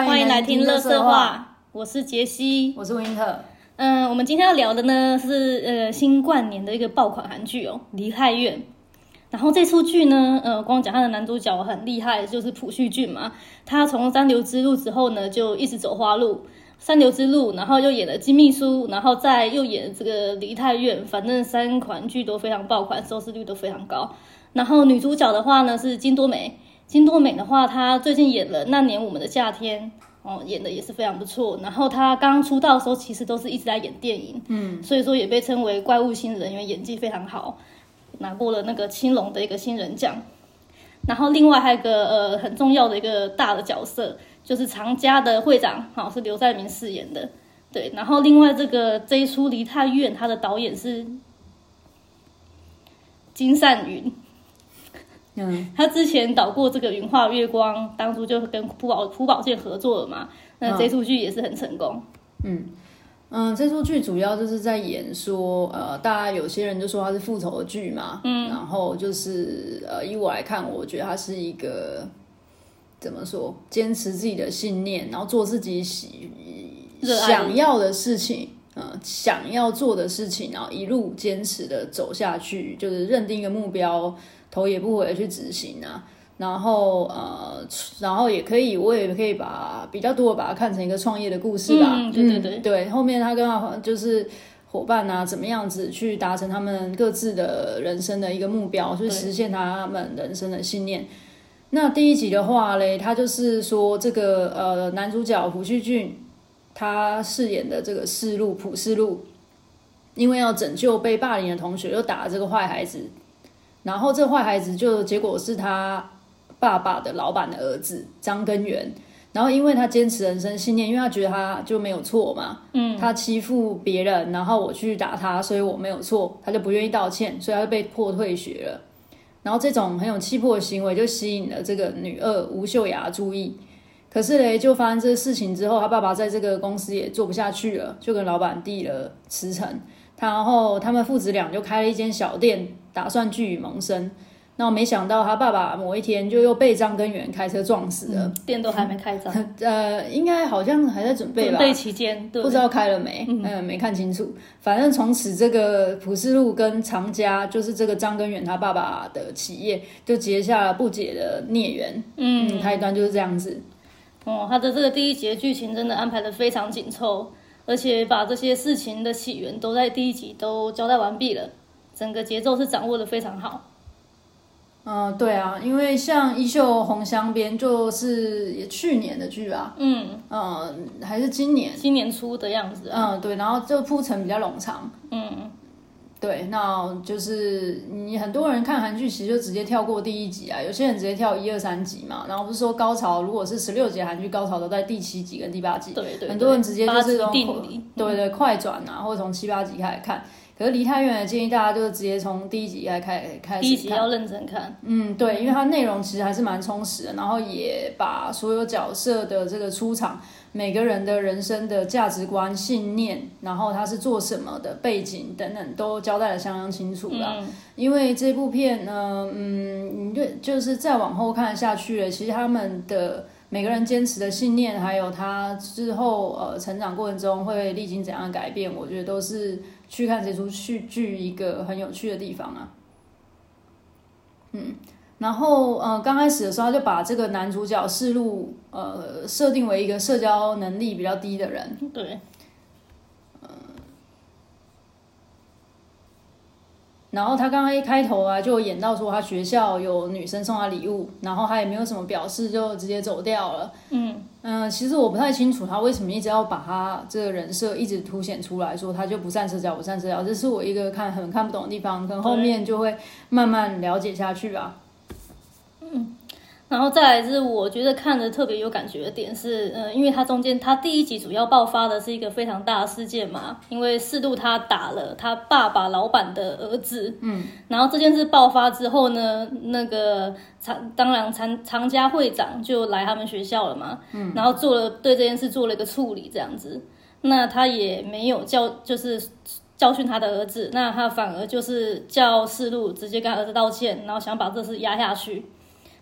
歡迎來聽《垃圾話》，我是杰西，我是溫特。嗯、呃，我們今天要聊的呢是呃新冠年的一個爆款韓劇哦，《梨泰院》。然後這出劇呢，呃，光講他的男主角很厲害，就是朴敘俊嘛。他從三流之路之後呢，就一直走花路，三流之路，然後又演了《金秘書》，然後再又演這個《梨泰院》，反正三款劇都非常爆款，收視率都非常高。然後女主角的話呢，是金多美。金多美的話，她最近演了《那年我們的夏天》，哦，演的也是非常不錯。然後她剛出道的時候，其實都是一直在演電影，嗯，所以說也被稱為“怪物新人”，因為演技非常好，拿過了那個青龍的一個新人獎。然後另外還有一個呃很重要的一個大的角色，就是常家的會長，好、哦、是劉在明飾演的，對。然後另外這個《這一出梨泰院》，他的導演是金善雲。嗯，他之前導過這個《雲畫月光》，當初就跟朴寶朴寶劍合作了嘛，那這出劇也是很成功。嗯嗯，呃、這出劇主要就是在演說，呃，大家有些人就說他是復仇的劇嘛，嗯，然後就是呃，以我來看，我覺得他是一個怎麼說，堅持自己的信念，然後做自己喜的想要的事情，嗯、呃，想要做的事情，然後一路堅持的走下去，就是認定一個目標。頭也不回去執行啊，然後呃，然後也可以，我也可以把比較多的把它看成一個創業的故事吧，嗯嗯、對對對對。後面他跟他就是夥伴啊，怎麼樣子去達成他們各自的人生的一個目標，對去實現他們人生的信念。那第一集的話嘞，他就是說這個呃男主角朴敘俊他飾演的這個世路朴世路，因為要拯救被霸凌的同學，又打這個壞孩子。然後這壞孩子就結果是他爸爸的老板的兒子張根源，然後因為他堅持人生信念，因為他覺得他就沒有錯嘛，嗯，他欺負別人，然後我去打他，所以我沒有錯，他就不願意道歉，所以他就被迫退學了。然後這種很有氣魄的行為就吸引了這個女二吳秀雅注意。可是嘞，就發生這個事情之後，他爸爸在這個公司也做不下去了，就跟老板遞了辭呈。然後他們父子倆就開了一間小店。打算據以謀生，那我沒想到他爸爸某一天就又被張根源開車撞死了。店都、嗯、還沒開張， 呃，應該好像還在準備吧，準備期間，對，不知道開了沒，嗯、哎呃，沒看清楚。反正從此這個朴世路跟長家，就是這個張根源他爸爸的企業，就結下了不解的孽緣。嗯，開端就是這樣子。哦，他的這個第一集的劇情真的安排的非常緊湊，而且把這些事情的起源都在第一集都交代完畢了。整個節奏是掌握的非常好。嗯，對啊，因為像《衣袖紅鑲邊》就是也去年的劇啊，嗯嗯，還是今年今年初的樣子，啊。嗯，對，然後就鋪陳比較冗長。嗯，對，那就是你很多人看韓劇其實就直接跳過第一集啊，有些人直接跳一二三集嘛，然後不是說高潮，如果是十六集韓劇高潮都在第七集跟第八集，對、對、對，很多人直接就是從對對快轉啊，嗯、或者從七八集開始看。離太遠，建議大家就是直接從第一集來開開始看。第一集要認真看。嗯，對，因為它內容其實還是蠻充實的，嗯、然後也把所有角色的這個出場、每個人的人生的價值觀、信念，然後他是做什麼的背景等等，都交代得相當清楚了。嗯、因為這部片呢，嗯，對，就是再往後看下去了，其實他們的。每個人堅持的信念，還有他之後呃成長過程中會歷經怎樣的改變，我覺得都是去看這出續劇一個很有趣的地方啊。嗯，然後呃剛開始的時候他就把這個男主角設路呃設定為一個社交能力比較低的人，對。然後他剛剛一開頭啊，就演到說他學校有女生送他禮物，然後他也沒有什麼表示，就直接走掉了。嗯嗯、呃，其實我不太清楚他為什麼一直要把他這個人設一直凸顯出來說他就不善社交，不善社交，這是我一個看很看不懂的地方，跟後面就會慢慢了解下去吧。嗯。然後再來是我覺得看著特別有感覺的點是，嗯、呃，因為他中間他第一集主要爆發的是一個非常大的事件嘛，因為四路他打了他爸爸老闆的兒子，嗯，然後這件事爆發之後呢，那個常當然常，常家會長就來他們學校了嘛，嗯，然後做了對這件事做了一個處理，這樣子，那他也沒有教就是教訓他的兒子，那他反而就是叫四路直接跟他兒子道歉，然後想把這事壓下去。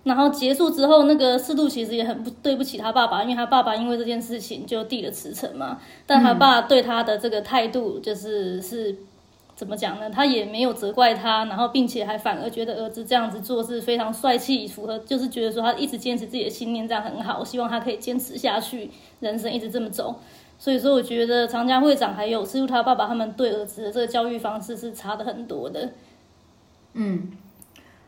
然後結束之後，那個師徒其實也很不對不起他爸爸，因為他爸爸因為這件事情就遞了辭呈嘛。但他爸對他的這個態度就是、嗯、是，怎麼講呢？他也沒有責怪他，然後並且還反而覺得兒子這樣子做是非常帥氣，符合就是覺得說他一直堅持自己的信念這樣很好，希望他可以堅持下去，人生一直這麼走。所以說，我覺得常家會長還有師徒他爸爸他們對兒子的這個教育方式是差的很多的，嗯。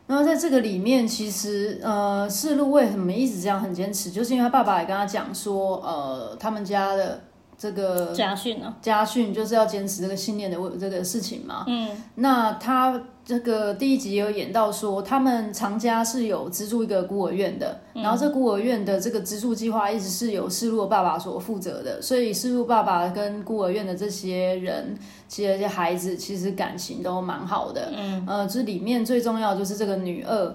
然後在這個裡面，其實呃，四路為什麼一直這樣很堅持，就是因為他爸爸也跟他講說，呃，他們家的。這個家訓呢？家訓就是要堅持這個信念的，我這個事情嘛。嗯，那他這個第一集有演到說，他們常家是有資助一個孤兒院的，然後這孤兒院的這個資助計劃一直是由世路的爸爸所負責的，所以世路爸爸跟孤兒院的這些人，其實這些孩子，其實感情都蠻好的。嗯，呃，這裡面最重要就是這個女二，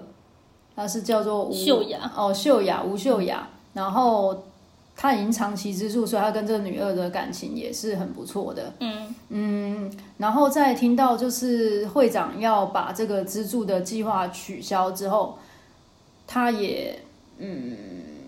她是叫做秀雅芽 哦，秀雅吳秀雅，嗯、然後。他已經長期資助，所以他跟這個女二的感情也是很不錯的。嗯嗯，然後在聽到就是會長要把這個資助的計劃取消之後，他也嗯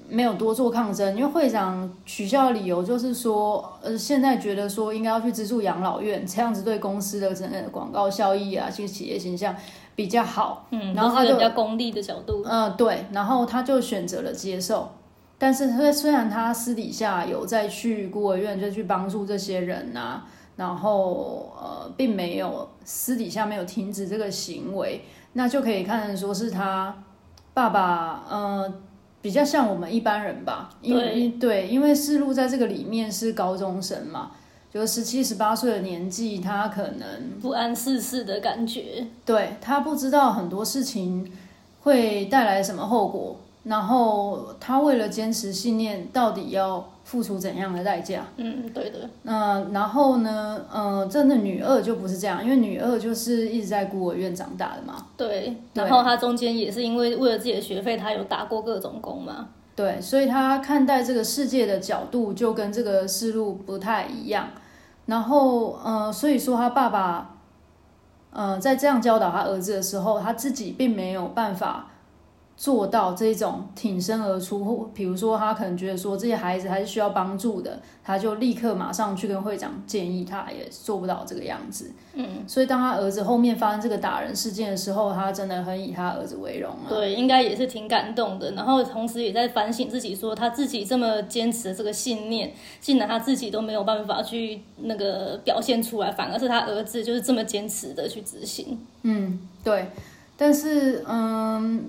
沒有多做抗爭，因為會長取消的理由就是說，呃，現在覺得說應該要去資助養老院，這樣子對公司的整個廣告效益啊，這些企業形象比較好。嗯，然後他就比較功利的角度。嗯，對，然後他就選擇了接受。但是他雖然他私底下有在去孤兒院，就去幫助這些人吶、啊，然後呃，並沒有私底下沒有停止這個行為，那就可以看成說是他爸爸，呃，比較像我們一般人吧，因為對，對，因為世路在這個裡面是高中生嘛，就十七十八歲的年紀，他可能不諳世事、事的感覺，對，他不知道很多事情會帶來什麼後果。然後他為了堅持信念，到底要付出怎樣的代價？嗯，對的。那、呃、然後呢？嗯、呃，真的女二就不是這樣，因為女二就是一直在孤兒院長大的嘛。對。對，然後她中間也是因為為了自己的學費，她有打過各種工嘛。對，所以她看待這個世界的角度就跟這個思路不太一樣。然後，呃，所以說他爸爸，嗯、呃，在這樣教導他兒子的時候，他自己並沒有辦法。做到這種挺身而出，或比如說他可能覺得說這些孩子還是需要幫助的，他就立刻馬上去跟會長建議他，他也做不到這個樣子。嗯，所以當他兒子後面發生這個打人事件的時候，他真的很以他兒子為榮啊。對，應該也是挺感動的，然後同時也在反省自己說，說他自己這麼堅持這個信念，竟然他自己都沒有辦法去那個表現出來，反而是他兒子就是這麼堅持的去執行。嗯，對，但是嗯。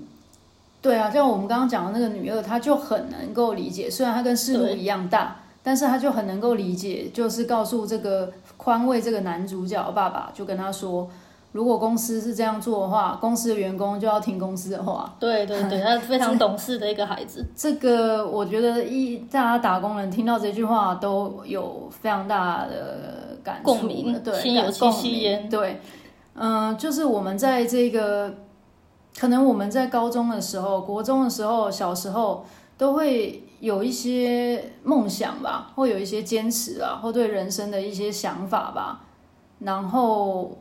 對啊，像我們剛剛講的那個女二，她就很能夠理解，雖然她跟世路一樣大，對但是她就很能夠理解，就是告訴這個寬慰這個男主角爸爸，就跟他說，如果公司是這樣做的話，公司的員工就要聽公司的話。對對對， 他是非常懂事的一個孩子。 這個我覺得一大家打工人聽到這句話都有非常大的感觸共鳴，心有戚戚焉對，嗯、呃，就是我們在這個。可能我們在高中的時候、國中的時候、小時候都會有一些夢想吧，會有一些堅持啊，或對人生的一些想法吧。然後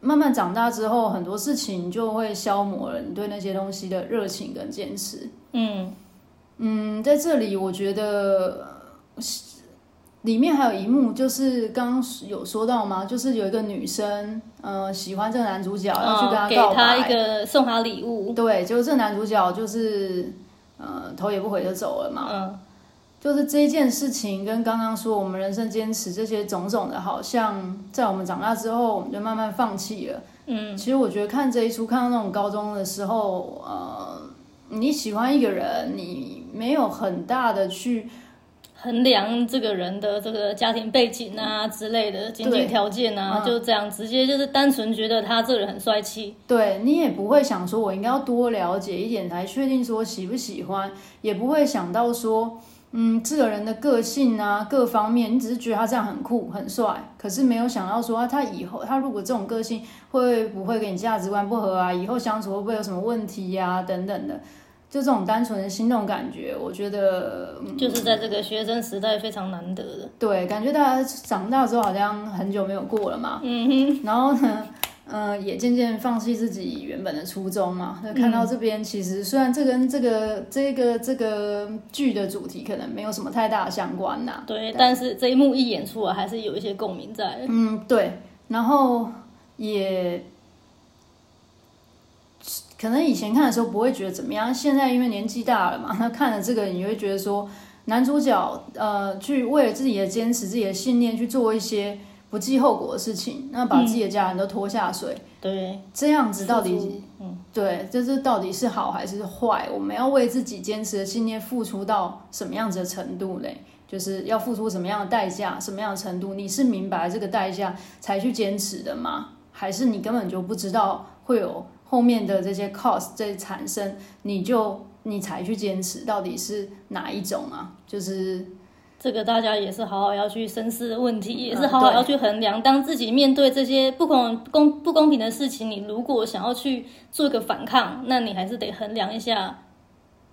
慢慢長大之後，很多事情就會消磨了你對那些東西的熱情跟堅持。嗯嗯，在這裡我覺得。裡面還有一幕，就是剛剛有說到嗎？就是有一個女生，呃，喜歡這個男主角，要去跟他告白，給他一個送他禮物。對，就這男主角就是，呃，頭也不回就走了嘛。嗯，就是這件事情跟剛剛說我們人生堅持這些種種的，好像在我們長大之後，我們就慢慢放棄了。嗯，其實我覺得看這一出，看到那種高中的時候，呃，你喜歡一個人，你沒有很大的去衡量這個人的這個家庭背景啊之類的經濟條件啊、嗯，嗯、就這樣直接就是單純覺得他這個人很帥氣。對，你也不會想說，我應該要多了解一點來確定說喜不喜歡，也不會想到說，嗯，這個人的個性啊，各方面，你只是覺得他這樣很酷很帥，可是沒有想到說啊，他以後他如果這種個性會不會跟你價值觀不合啊？以後相處會不會有什麼問題呀、啊？等等的。就這種單純的心動感覺，我覺得、嗯、就是在這個學生時代非常難得的。對，感覺大家長大之後好像很久沒有過了嘛。嗯哼。然後呢，嗯、呃，也漸漸放棄自己原本的初衷嘛。那、嗯、看到這邊，其實雖然這跟這個、這個、這個劇、這個、的主題可能沒有什麼太大的相關吶、啊。對，但，但是這一幕一演出啊，還是有一些共鳴在。嗯，對。然後也。嗯可能以前看的時候不會覺得怎麼樣，現在因為年紀大了嘛，那看了這個，你會覺得說，男主角呃，去為了自己的堅持、自己的信念去做一些不計後果的事情，那把自己的家人都拖下水，嗯、對，這樣子到底，嗯、對，這、就是到底是好還是壞？我們要為自己堅持的信念付出到什麼樣子的程度嘞？就是要付出什麼樣的代價？什麼樣的程度？你是明白這個代價才去堅持的嗎？還是你根本就不知道會有？後面的這些 cost 在產生，你就你才去堅持，到底是哪一種啊？就是這個，大家也是好好要去深思的問題。嗯、也是好好要去衡量。對，當自己面對這些不公不公，不公平的事情，你如果想要去做一個反抗，那你還是得衡量一下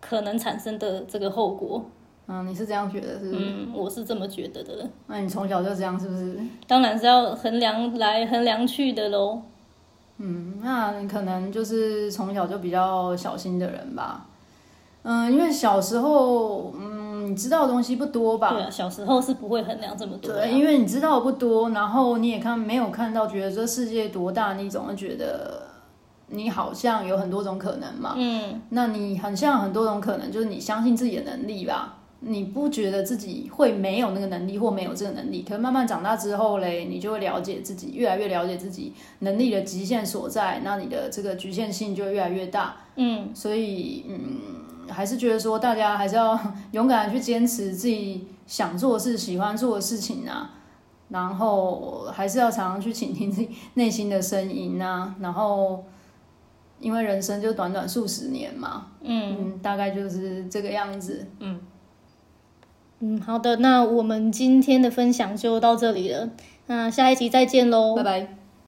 可能產生的這個後果。嗯，你是這樣覺得，是不是？嗯，我是這麼覺得的。那你從小就這樣，是不是？當然是要衡量來衡量去的嘍。嗯，那可能就是從小就比較小心的人吧。嗯，因為小時候，嗯，你知道的東西不多吧？對啊，小時候是不會衡量這麼多啊。對，因為你知道的不多，然後你也看沒有看到，覺得這世界多大，你總會覺得你好像有很多種可能嘛。嗯，那你很像很多種可能，就是你相信自己的能力吧。你不覺得自己會沒有那個能力或沒有這個能力？可是慢慢長大之後嘞，你就會了解自己，越來越了解自己能力的極限所在。那你的這個局限性就會越來越大。嗯，所以嗯，還是覺得說大家還是要勇敢的去堅持自己想做的事、喜歡做的事情啊。然後還是要常常去傾聽自己內心的聲音啊。然後，因為人生就短短數十年嘛，嗯，嗯，大概就是這個樣子，嗯。嗯，好的，那我們今天的分享就到這裡了，那下一集再見嘍，拜拜。